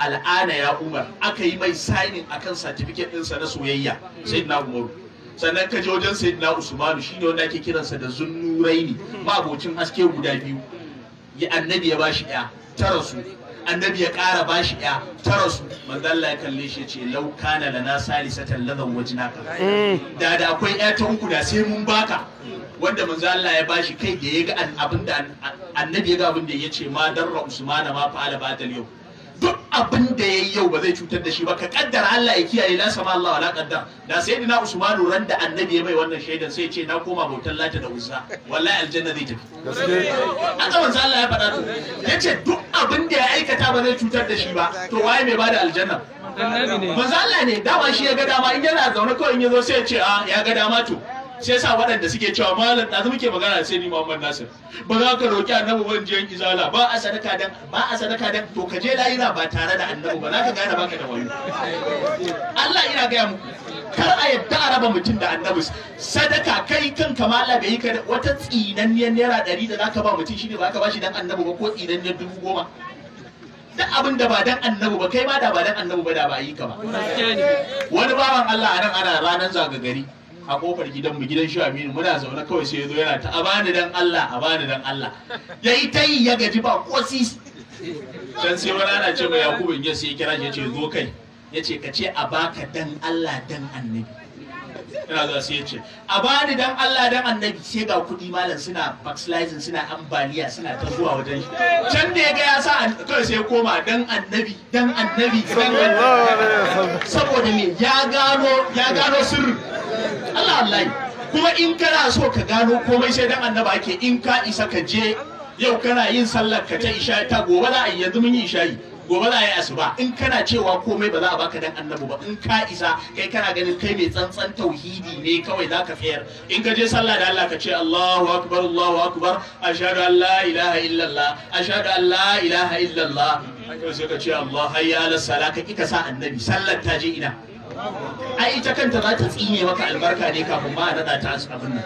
Al'ada ya umar aka yi mai sainin akan certificate ɗinsa na soyayya na umaru sannan ka je wajen na usmanu shi ne wanda ake kiransa da ne. mabocin haske guda biyu ya annabi ya bashi ɗaya ta rasu annabi ya ƙara bashi ɗaya ta rasu manzalla ya kalle shi ce lau kana lana tallazan ladan wajnaka mm. da da akwai ya ta uku da sai mun baka wanda Manzalla ya bashi kai da ya ga abin da annabi ya ga abin da ya ce ma darra usmana ma fa'ala batal yau duk abin da yi yau ba zai cutar da shi ba ka kaddara Allah ya kiyaye la sama Allah wala qaddar da dina Usman ran da annabi ya mai wannan shaidan sai ya ce na koma bautar lata da uzza wallahi aljanna zai tafi haka manzo Allah ya faɗa to yace duk abin da ya aikata ba zai cutar da shi ba to waye mai bada aljanna manzo Allah ne dama shi ya ga dama in yana zaune kawai in yazo sai ya ce a ah, ya ga dama to shi yasa waɗanda suke cewa malam ɗazu muke magana sai ni Muhammad Nasir ba za ka roki annabi ban jiyan izala ba a sadaka dan ba a sadaka dan to ka je lahira ba tare da annabi ba za ka gane baka da wani Allah ina gaya muku kar a yadda a raba mutum da annabi sadaka kai kan kama Allah bai yi ka wata tsinanniyar naira ɗari da za ka ba mutum shine ba ka ba shi dan annabi ba ko tsinanniyar dubu goma duk abin da ba dan annabi ba kai ma da ba dan annabi ba da ba yi ka ba wani bawan Allah a nan ana ranar zagagari gari a kofar gidanmu gidan shaminu muna zaune kawai sai yazo yana ta a bani dan Allah a bani dan Allah ya yi ta yi ya gaji ba ko si dan sai wani ana ce mai yakubu in ya sai kira shi ya ce zo kai ya ce ka ce a baka dan Allah dan annabi ina zuwa sai ya ce a bani dan Allah dan annabi sai ga kudi malam suna backsliding suna ambaliya suna ta zuwa wajen shi can da ya ga ya sa kawai sai koma dan annabi dan annabi saboda me ya gano ya gano sirri Allah kuma in kana so ka gano komai sai dan annaba ake in ka isa ka je yau kana yin sallar ka ta isha ta gobe za a yanzu mun yi isha'i gobe za a yi asuba in kana cewa komai ba za a baka dan annabi ba in ka isa kai kana ganin kai mai tsantsan tauhidi ne kawai za ka tsayar in ka je sallah da Allah ka ce Allahu akbar Allahu akbar ashhadu an la ilaha illallah ashhadu an la ilaha illallah sai ka ce Allah hayya ala kika sa annabi sallar ta je ina a ita kanta za ta tsine maka albarka ne kafin ma a nada ta abin nan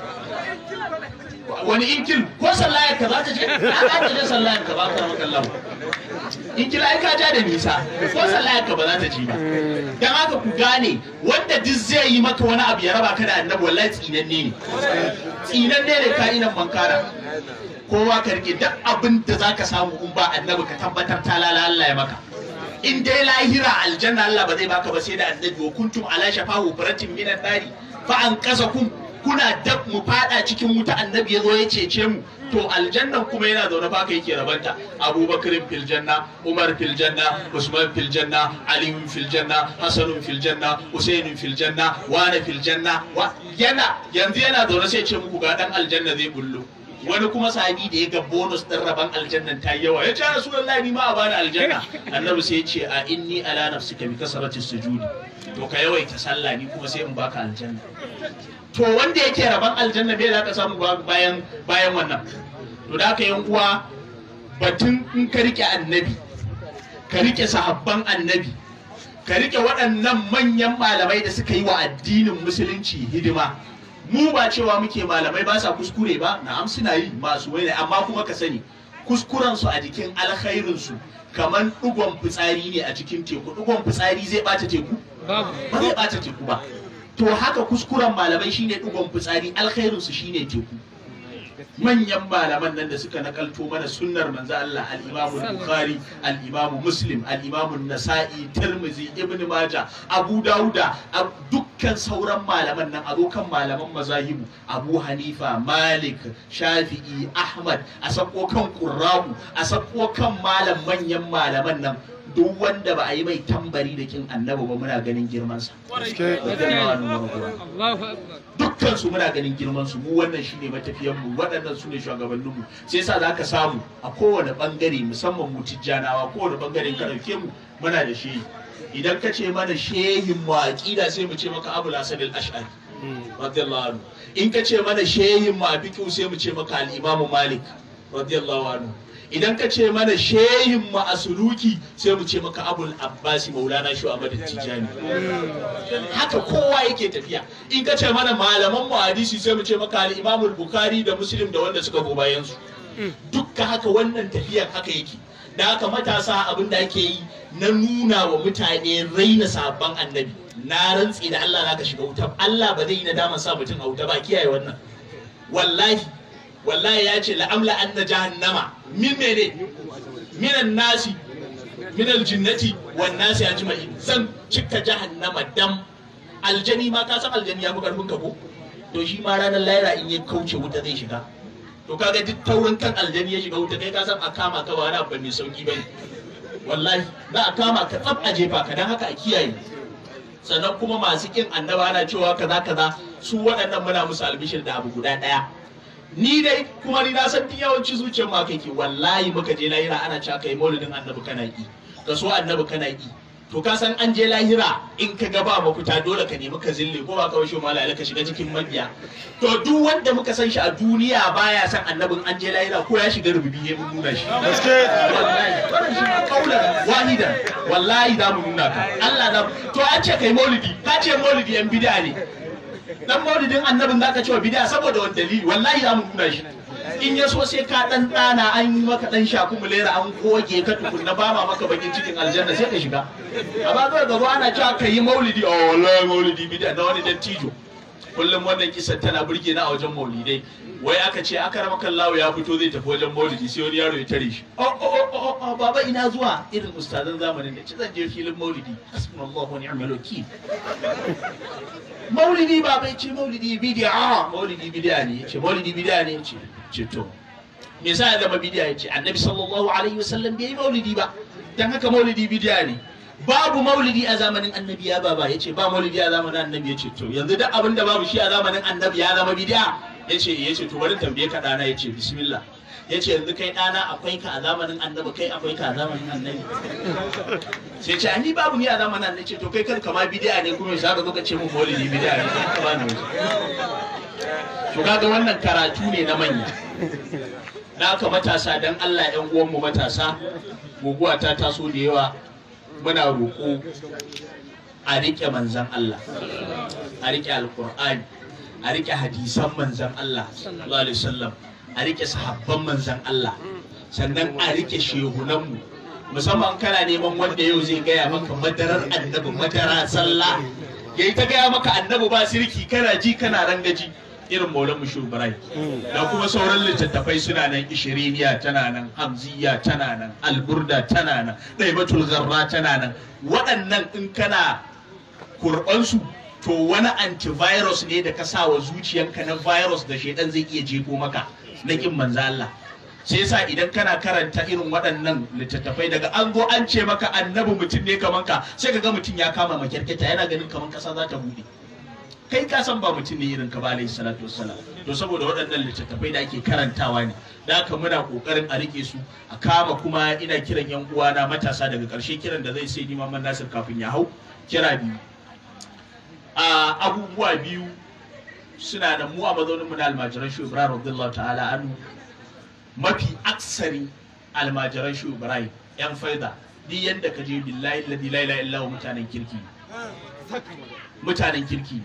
wani inkil ko sallayar ka za ta je a za ta je sallayar ka ba ka maka Allah inkil ai ka ja da nisa ko sallayar ka ba za ta je ba dan haka ku gane wanda duk zai yi maka wani abu ya raba ka da annabi wallahi tsinan ne tsinan ne ne ka ina bankara kowa ka rike duk abin da zaka samu in ba annabi ka tabbatar ta lalala ya maka in dai lahira aljanna Allah ba zai baka ba sai da annabi wa kuntum ala shafa hubratin minan nari fa an kasa kuna dab mu fada cikin wuta annabi ya zo ya cece mu to aljannan kuma yana zaune fa kai ke rabanta Abubakar fil janna umar fil janna usman fil janna aliyun fil janna hasanun fil janna husainun fil janna fil janna yana yanzu yana zaune sai ce muku ga dan aljanna zai bullo wani kuma sahabi da ya ga bonus din rabon aljannan ta yawa ya ce rasulullahi ni ma a bani aljanna annabi sai ya ce a inni ala nafsika bi kasratis sujudi to ka yawaita sallah ni kuma sai in baka aljanna to wanda yake rabon aljanna bai za ka samu bayan bayan wannan to da ka yan uwa batun in ka rike annabi ka rike sahabban annabi ka rike waɗannan manyan malamai da suka yi wa addinin musulunci hidima mu ba cewa muke malamai ba sa kuskure ba na'am suna yi masu wani amma kuma ka sani kuskurensu a jikin alkhairin kamar dugon fitsari ne a cikin teku dugon fitsari zai bata teku ba zai bata teku ba to haka kuskuren malamai shine dugon fitsari alkhairin shine teku manyan malaman nan da suka nakalto mana sunnar manzo Allah al-Imam Bukhari al-Imam Muslim al-Imam Nasa'i Tirmidhi Ibn Majah Abu Dawuda dukkan sauran malaman nan abokan malaman mazahibu Abu Hanifa Malik Shafi'i Ahmad a sako kan Qurra'u a sako kan malam manyan malaman nan duk wanda ba a yi mai tambari da kin annabi ba muna ganin girmansa dukkan su muna ganin girmansu mu wannan shine mu waɗannan su ne shugabanninmu sai sa za ka samu a kowane ɓangare musamman mu tijjanawa kowane ɓangare ka ɗauke mu muna da shehi idan ka ce mana shehin mu aƙida sai mu ce maka abul hasan al-ash'ari radiyallahu in ka ce mana shehin mu a sai mu ce maka al-imam malik radiyallahu anhu idan ka ce mana shehin mu a suluki sai mu ce maka abul abbasi maulana shu da tijani haka kowa yake tafiya in ka ce mana malaman mu hadisi sai mu ce maka al imamul bukhari da muslim da wanda suka go bayan dukka haka wannan tafiyar haka yake da haka matasa abin da ake yi na nuna wa mutane raina sabon annabi na rantsi da Allah ka shiga wuta Allah ba zai yi nadaman sa mutum a wuta ba kiyaye wannan wallahi wallahi ya ce la'amla anna jahannama min mene minan nasi minal jinnati wan nasi ajma'i zan cika jahannama dam aljani ma ka san aljani ya fi karfin ka ko to shi ma ranar laira in ya kauce wuta zai shiga to kaga duk taurin kan aljani ya shiga wuta kai ka san a kama ka ba na ba mai sauki bane wallahi za a kama ka tsaf a jefa ka dan haka a kiyaye sannan kuma masu kin annaba ana cewa kaza kaza su waɗannan muna musu albishir da abu guda ɗaya ni dai kuma ni na san duk yawanci zuciyar ma kake wallahi muka je lahira ana cewa kai maulidin annabi kana yi ka so annabi kana yi to ka san an je lahira in ka ga ba mafuta dole ka nemi ka zille ko ba ka ma mala ka shiga cikin mabiya to duk wanda muka san shi a duniya baya san annabin an je lahira ko ya shiga rububi ya nuna shi gaske wallahi shi kaula wahida wallahi za mu nuna ka Allah na to an ce kai maulidi ka ce maulidi yan bid'a ne dan maulidin annabin zaka cewa bid'a saboda wani dalili wallahi za mu nuna shi in ya so sai ka dan dana an yi maka dan shaku mulera an goge ka tukunna ba ma maka bakin cikin aljanna sai ka shiga amma ga gaba ana cewa ka yi maulidi oh wallahi maulidi bid'a na wani dattijo kullum wannan kisa tana burge na a wajen maulidai wai aka ce aka rama kallawo ya fito zai tafi wajen maulidi sai wani yaro ya tare shi oh oh, oh, oh oh baba ina zuwa irin ustazan zamanin da ci zan je filin maulidi hasbunallahu wa ni'mal wakil maulidi Baba, bai ce maulidi bid'a ah, maulidi bid'a ne ce maulidi bid'a ne ce ce to me yasa ya zama bid'a ce annabi sallallahu alaihi wasallam bai yi maulidi ba dan haka maulidi bid'a ne babu maulidi a zamanin annabi ya baba yace ba maulidi a zamanin annabi yace to yanzu duk abin da babu shi a zamanin annabi ya zama bid'a yace yace to bari tambaye ka dana yace bismillah yace yanzu kai dana akwai ka a zamanin annabi kai akwai ka a zamanin annabi sai ce ani babu ni a zamanin annabi ce to kai kan kama bid'a ne kuma sai ka ce mun maulidi bid'a ne ka bani to kaga wannan karatu ne na manya Na ka matasa dan Allah uwan mu matasa guguwa ta taso da yawa muna roƙo a riƙe manzan Allah a riƙe alƙur'ani a rike hadisan manzan Allah sallallahu alaihi wasallam a rike sahabban manzan Allah sannan a rike shehunanmu musamman kana neman wanda yau zai gaya maka madarar annabi madara sallah yayi ta gaya maka annabi ba sirki kana ji kana rangaji irin maulan mushur ibrahim da kuma sauran littattafai suna nan ishiriniya tana nan hamziya tana nan alburda tana nan daibatul zarra tana nan waɗannan in kana su. to wani antivirus ne da ka sa wa zuciyanka na virus da shaidan zai iya jefo maka na kin manzo Allah sai yasa idan kana karanta irin waɗannan littattafai daga an zo an ce maka annabi mutum ne kaman ka sai ka ga mutum ya kama makyarketa yana ganin kaman kasa za ta buɗe kai ka san ba mutum ne irin ka ba alayhi salatu wassalam to saboda waɗannan littattafai da ake karantawa ne da haka muna kokarin a rike su a kama kuma ina kiran yan uwana matasa daga ƙarshe kiran da zai sai ni Mamman Nasir kafin ya hau kira biyu abubuwa biyu suna da mu a mazauninmu na almajiran shi ibrahim radiyallahu ta'ala anu mafi aksari almajiran shi yan faida Ni yadda ka je billahi ladi la ilaha illa mutanen kirki mutanen kirki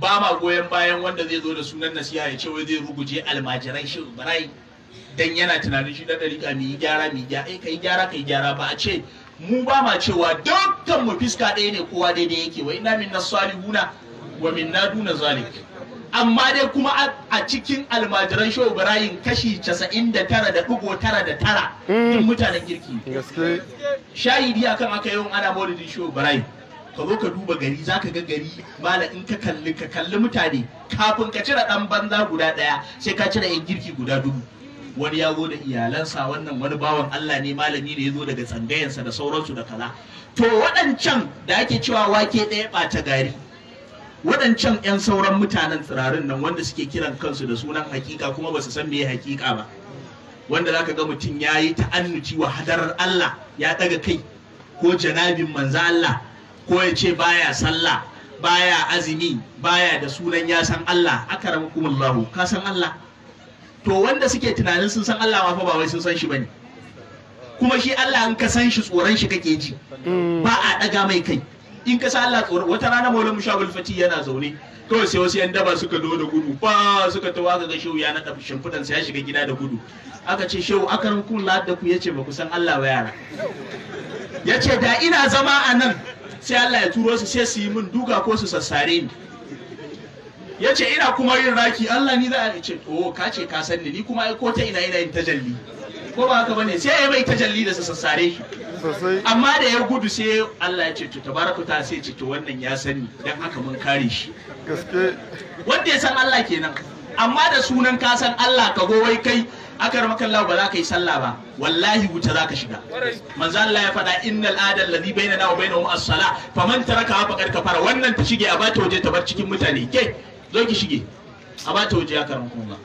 ba ma goyon bayan wanda zai zo da sunan nasiha ya ce wai zai ruguje almajiran shi dan yana tunanin shi da dariƙa mai gyara mai eh, gyara kai gyara kai gyara ba a ce mu ba ma cewa dukkan mu fiska ɗaya ne kowa daidai yake wa inna minna nasalihuna wa min naduna zalik amma dai kuma a cikin almajiran show ibrahim kashi 99.99 din mm. mutanen kirki shahidi akan aka yawan ana maulidin show ibrahim ka zo ka duba gari za ka ga gari mala in ka kalli ka kalli mutane kafin ka cire dan banza guda daya sai ka cire yan girki guda dubu wani ya zo da iyalansa wannan wani bawan Allah ne malami ne ya zo daga tsangayensa da sauransu da kaza to waɗancan da ake cewa wake ɗaya ɓata gari waɗancan 'yan sauran mutanen tsirarin nan wanda suke kiran kansu da sunan hakika kuma ba su san me hakika ba wanda za ka ga mutum ya yi ta'annuci wa hadarar Allah ya ɗaga kai ko janabin manza Allah ko ya ce baya sallah baya azumi baya da sunan ya san Allah akaramakumullahu ka san Allah to wanda suke tunanin sun san Allah ma fa ba wai sun san shi bane kuma shi Allah in ka san shi tsoron shi kake ji mm. ba a daga mai kai in ka san Allah tsoron wata rana Maulana Mushabul Fati yana zaune kawai sai wasu yan daba suka zo da gudu ba suka tawa ga shehu ya nada shimfidan sa ya shiga gida da gudu aka ce shehu aka kun da ku yace ba ku san Allah ba yara yace da ina zama a nan sai Allah ya turo su sai su yi min duka ko su sassare ni ya ce ina kuma yin raki Allah ni za a ce to oh, ka ce ka san ni kuma ko ta ina ina yin tajalli ko ba haka bane sai ya mai tajalli da su sassare shi. amma da ya gudu sai Allah ya ce to tabaraku ta sai ce to wannan ya sani dan haka mun kare shi gaske wanda ya san Allah kenan amma da sunan ka san Allah ka go wai kai akar makallahu ba za ka yi sallah ba wallahi wuta za ka shiga manzo Allah ya faɗa innal adal ladhi bainana wa bainahum as-sala faman taraka qad kafara wannan ta shige a bata waje ta bar cikin mutane ke zo ki shige a ba ta waje ya kuma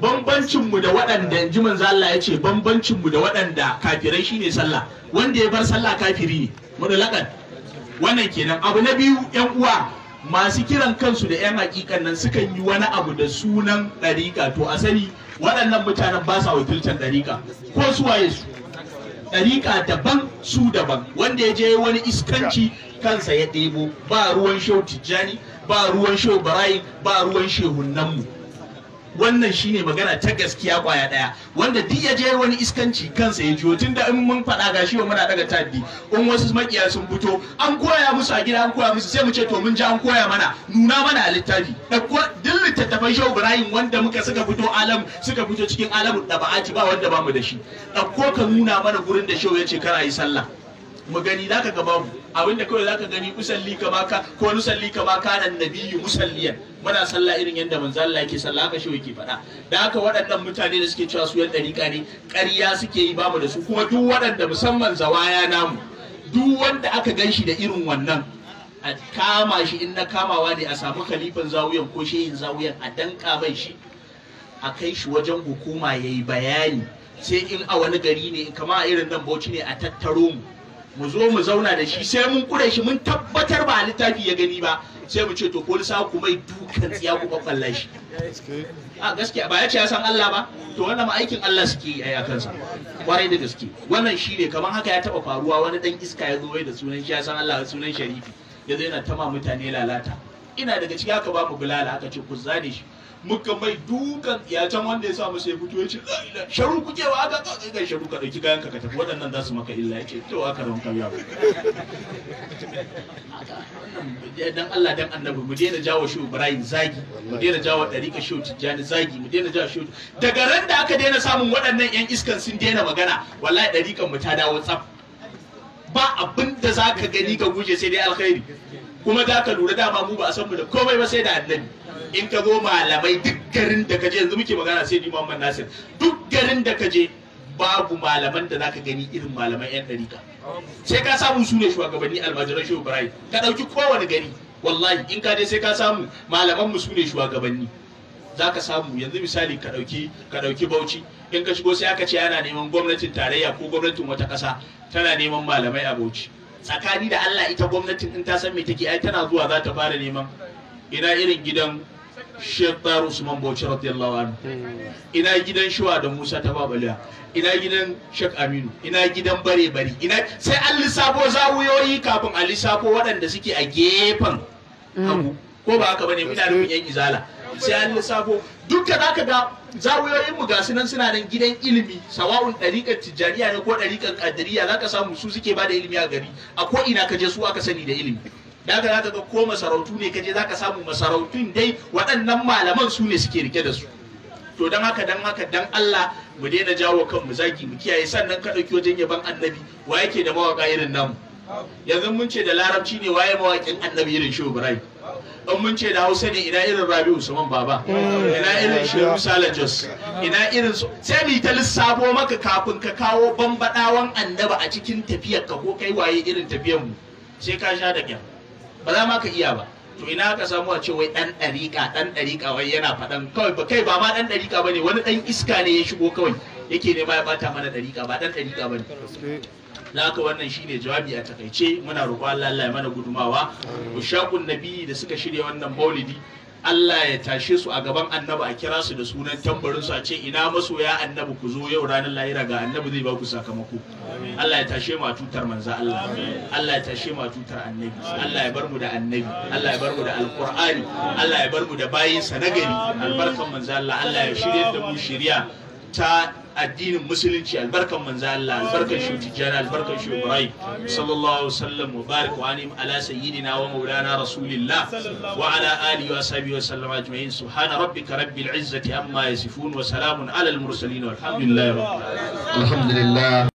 bambancin da waɗanda in manzo Allah ya ce bambancin mu da waɗanda kafirai shine sallah wanda ya bar sallah kafiri ne mudalakan wannan kenan abu na biyu yan uwa masu kiran kansu da yan hakikan nan sukan yi wani abu da sunan ɗarika, to asali waɗannan mutanen ba sa wakiltar ɗarika, ko su waye su ɗariƙa daban su daban wanda ya je wani iskanci kansa ya ɗebo ba ruwan shau tijjani ba ruwan shau barayi ba ruwan mu. wannan shine magana ta gaskiya kwaya daya wanda duk ya je wani iskanci kansa ya jiyo da in mun faɗa ga shi muna daga taddi in wasu makiya sun fito an koya musu a gida an koya musu sai mu ce to mun ji an koya mana nuna mana a littafi ɗauko duk littattafan shehu ibrahim wanda muka suka fito alam suka fito cikin alamun da ba ba wanda bamu da shi ɗauko ka nuna mana gurin da shehu ya ce kana yi sallah mu gani za ka gaba mu abinda kawai za ka gani usalli kama ka ko nusalli kama nan nabiyyu musalliyan muna sallah irin yadda manzo Allah yake sallah ka shi yake faɗa da haka waɗannan mutane da suke cewa su yan ɗariƙa ne ƙarya suke yi bamu da su kuma duk waɗanda musamman zawaya namu duk wanda aka gan shi da irin wannan a kama shi in na kamawa ne a samu kalifan zawiyan ko shehin zawuyan a danka mai shi a kai shi wajen hukuma ya yi bayani sai in a wani gari ne kama irin nan bauchi ne a tattaro mu mu zo mu zauna da shi sai mun kure shi mun tabbatar ba littafi ya gani ba sai mu ce to ko lissa ku mai dukan tsiya ku kwakwalla shi a gaskiya ba ya ce ya san Allah ba to wannan ma aikin Allah suke yi a kansa kwarai da gaske wannan shi ne kamar haka ya taba faruwa wani dan iska ya zo da sunan shi ya san Allah sunan sharifi ya zo yana tama mutane lalata ina daga ciki haka ba mu bulala haka ce ku zane shi muka mai dukan can wanda ya sa masa ya fito ya ce sharu kuke wa aka tsaye ga sharu ka ɗauki kayan ka ka tafi waɗannan za su maka illa ya ce to aka ran kalla dan Allah dan annabi mu daina jawo shi Ibrahim zagi mu daina jawo dariƙa shi Tijjani zagi mu daina jawo shi daga ran da aka daina samun waɗannan yan iskan sun daina magana wallahi dariƙan mu ta dawo tsaf ba abin da za ka gani ka guje sai dai alkhairi kuma za ka lura dama mu ba a san mu da komai ba sai da annabi in ka zo malamai duk garin da ka je yanzu muke magana sai ni Muhammad Nasir duk garin da ka je babu malaman da zaka gani irin malaman yan ɗarika sai ka samu su ne shugabanni almajiran shehu Ibrahim ka ɗauki kowane gari wallahi in ka je sai ka samu malaman mu su ne shugabanni za ka samu yanzu misali ka dauki ka ɗauki bauchi in ka shigo sai aka ce ana neman gwamnatin tarayya ko gwamnatin wata ƙasa tana neman malamai a bauchi tsakani da Allah ita gwamnatin in ta san me take ai tana zuwa za ta fara neman ina irin gidan Sheikh Dar Usman Bauchi radiyallahu anhu ina gidan Shuwa da Musa ta Babaliya ina gidan Sheikh Aminu ina gidan Bare Bari ina sai an lissafo zawuyoyi kafin a lissafo waɗanda suke a gefen ko ba haka bane muna yan izala sai an lissafo duk da zaka ga zawiyoyinmu ga su nan suna nan gidan ilimi sawa'un ɗariƙar tijjaniya ne ko ɗariƙar ƙadiriya zaka samu su suke ba da ilimi a gari a ko ina ka je su aka sani da ilimi daga zaka ga ko masarautu ne ka je zaka samu masarautun dai waɗannan malaman su ne suke rike da su to dan haka dan haka dan Allah mu daina jawo kanmu zagi mu kiyaye sannan ka ɗauki wajen yaban annabi wa yake da mawaka irin namu yanzu mun ce da larabci ne waye mawakin annabi irin shehu ibrahim in mun ce da hausa ne ina irin rabi usman baba eh. ina irin shehu sala jos ina irin sai mu ta lissafo maka kafin ka kawo bambadawan annaba a cikin tafiyar ka ko kai waye irin tafiyar mu sai ka sha da kyan ba za ma ka iya ba to ina ka samu a ce wai dan dariƙa dan dariƙa wai yana faɗan kawai ba kai ba ma dan dariƙa bane wani dan iska ne ya shigo kawai yake ne ba ya bata mana dariƙa ba dan dariƙa bane da haka wannan shine jawabi a takaice muna roƙo Allah Allah ya mana gudumawa ushaqun nabi da suka shirya wannan maulidi Allah ya tashe su a gaban annabi a kira su da sunan tambarin su a ce ina masoya annabi ku zo yau ranar lahira ga annabi zai ba ku sakamako Allah ya tashe mu a tutar manzo Allah Allah ya tashe mu a tutar annabi Allah ya bar mu da annabi Allah ya bar mu da alqur'ani Allah ya bar mu da bayinsa na gari albarkan manzo Allah Allah ya shirye da mu shiriya ta addinin musulunci albarkan manzo Allah albarkan shi tijjana albarkan shi ibrahim sallallahu alaihi wasallam mubarak wa ala sayyidina wa maulana rasulillah wa ala alihi wa sahbihi wa sallam ajma'in subhana rabbika rabbil izzati amma yasifun wa salamun ala al mursalin walhamdulillahi rabbil alamin alhamdulillah